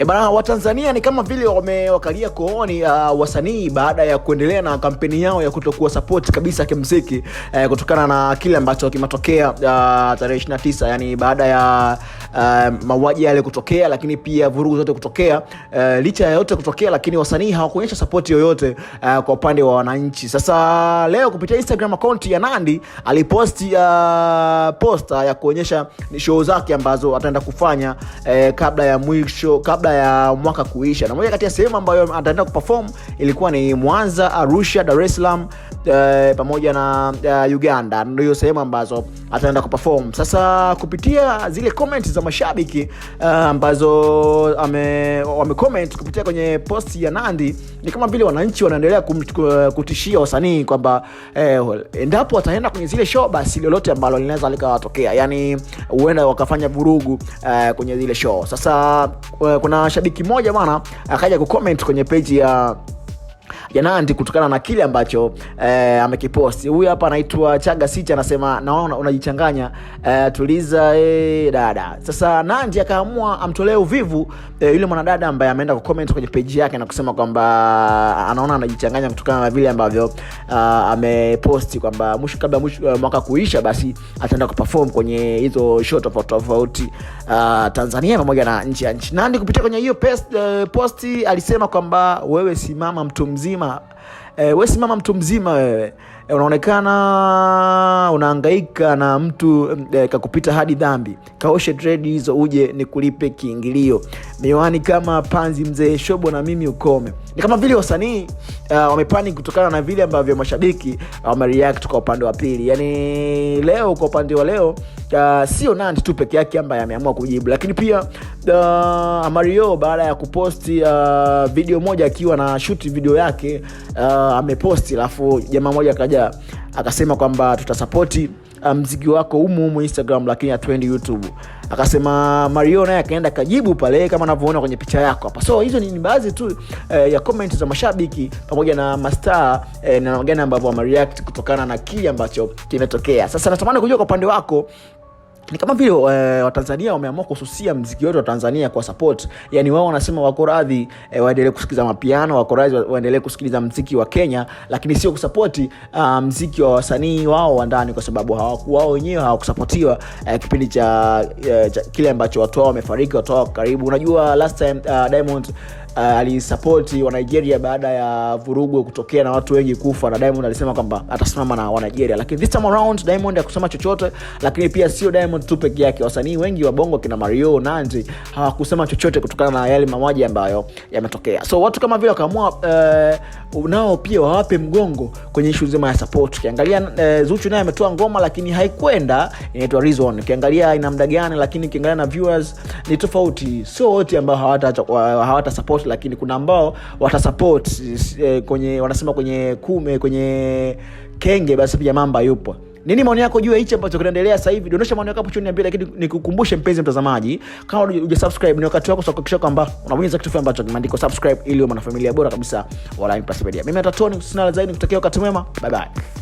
E bana, Watanzania ni kama vile wamewakalia kooni uh, wasanii baada ya kuendelea na kampeni yao ya kutokuwa support kabisa kimziki uh, kutokana na kile ambacho kimetokea uh, tarehe 29 yani baada ya uh, mauaji yale kutokea, lakini pia vurugu zote kutokea uh, licha ya yote kutokea, lakini wasanii hawakuonyesha support yoyote uh, kwa upande wa wananchi. Sasa leo kupitia Instagram account ya Nandy aliposti uh, posta ya kuonyesha show zake ambazo ataenda kufanya uh, kabla ya mwisho kabla kabla ya mwaka kuisha, na moja kati ya sehemu ambayo ataenda kuperform ilikuwa ni Mwanza, Arusha, Dar es Salaam eh, pamoja na uh, Uganda ndio sehemu ambazo ataenda kuperform. Sasa kupitia zile comments za mashabiki uh, ambazo ame, wame comment kupitia kwenye post ya nandi ni kama vile wananchi wanaendelea kutishia wasanii kwamba eh, endapo ataenda kwenye zile show, basi lolote ambalo linaweza likawatokea, yani huenda wakafanya vurugu uh, kwenye zile show. Sasa uh, kuna shabiki mmoja bwana akaja kucomment kwenye page ya Jananti kutokana na kile ambacho eh, amekipost Huyu hapa anaitwa Chaga sich anasema naona unajichanganya eh, tuliza eh, dada. Sasa Nandy akaamua amtolee uvivu eh, yule mwanadada ambaye ameenda kucomment kwenye peji yake na kusema kwamba ah, anaona anajichanganya kutokana na vile ambavyo uh, ameposti kwamba mwisho kabla mwisho uh, mwaka kuisha basi ataenda kuperform kwenye hizo show tofauti tofauti uh, Tanzania pamoja na nchi ya nchi. nandi kupitia kwenye hiyo uh, posti alisema kwamba wewe simama mtu mzima mzima e, wewe simama mtu mzima wewe e, unaonekana unahangaika na mtu e, kakupita hadi dhambi, kaoshe dredi hizo uje nikulipe kiingilio, miwani kama panzi mzee shobo na mimi ukome. Ni kama vile wasanii uh, wamepani kutokana na vile ambavyo mashabiki wamereact kwa upande wa pili. Yani leo kwa upande wa leo uh, sio Nandi tu peke yake ambaye ameamua kujibu, lakini pia uh, Mario baada ya kuposti uh, video moja akiwa na shoot video yake uh, ameposti, alafu jamaa moja akaja akasema kwamba tutasapoti uh, mziki wako humu humu Instagram lakini hatuendi YouTube. Akasema Mario naye akaenda kajibu pale kama anavyoona kwenye picha yako hapa. So hizo ni baadhi tu eh, ya comment za mashabiki pamoja na mastaa eh, namna gani ambavyo wamereact kutokana na kile ambacho kimetokea. Sasa natamani kujua kwa upande wako ni kama vile e, Watanzania wameamua kususia mziki wetu wa Tanzania kwa support. Yani wao wanasema wako radhi e, waendelee kusikiliza mapiano, wako radhi waendelee kusikiliza mziki wa Kenya, lakini sio kusapoti uh, ah, mziki wa wasanii wao wa ndani, kwa sababu hawakuwa wao wenyewe hawakusapotiwa e, eh, kipindi cha, e, cha kile ambacho watu wao wamefariki, watu wao karibu. Unajua last time uh, Diamond uh, alisapoti wanigeria baada ya vurugu kutokea na watu wengi kufa, na Diamond alisema kwamba atasimama na wanigeria lakini this time around Diamond hakusema chochote. Lakini pia sio Diamond tu peke yake, wasanii wengi wa Bongo kina Mario Nanji hawakusema chochote kutokana na yale mauaji ambayo yametokea. So watu kama vile wakaamua uh, nao pia wawape mgongo kwenye ishu zima ya support. Ukiangalia uh, Zuchu naye ametoa ngoma lakini haikwenda, inaitwa Reason. Ukiangalia ina muda gani, lakini ukiangalia na viewers ni tofauti, sio wote ambao hawata hawata support lakini kuna ambao watasupport eh, kwenye wanasema kwenye kume kwenye kenge, basi pia mamba yupo. Nini maoni yako juu ya hichi ambacho kinaendelea sasa hivi? Dondosha maoni yako hapo chini, niambie. Lakini nikukumbushe mpenzi mtazamaji, kama subscribe ni wakati wako kuhakikisha kwamba unabonyeza kitufe ambacho kimeandikwa subscribe ili uwe mwanafamilia bora kabisa wa Line Plus Media. Mimi naitwa Tony, sina la zaidi, nikutakia wakati mwema. Bye bye.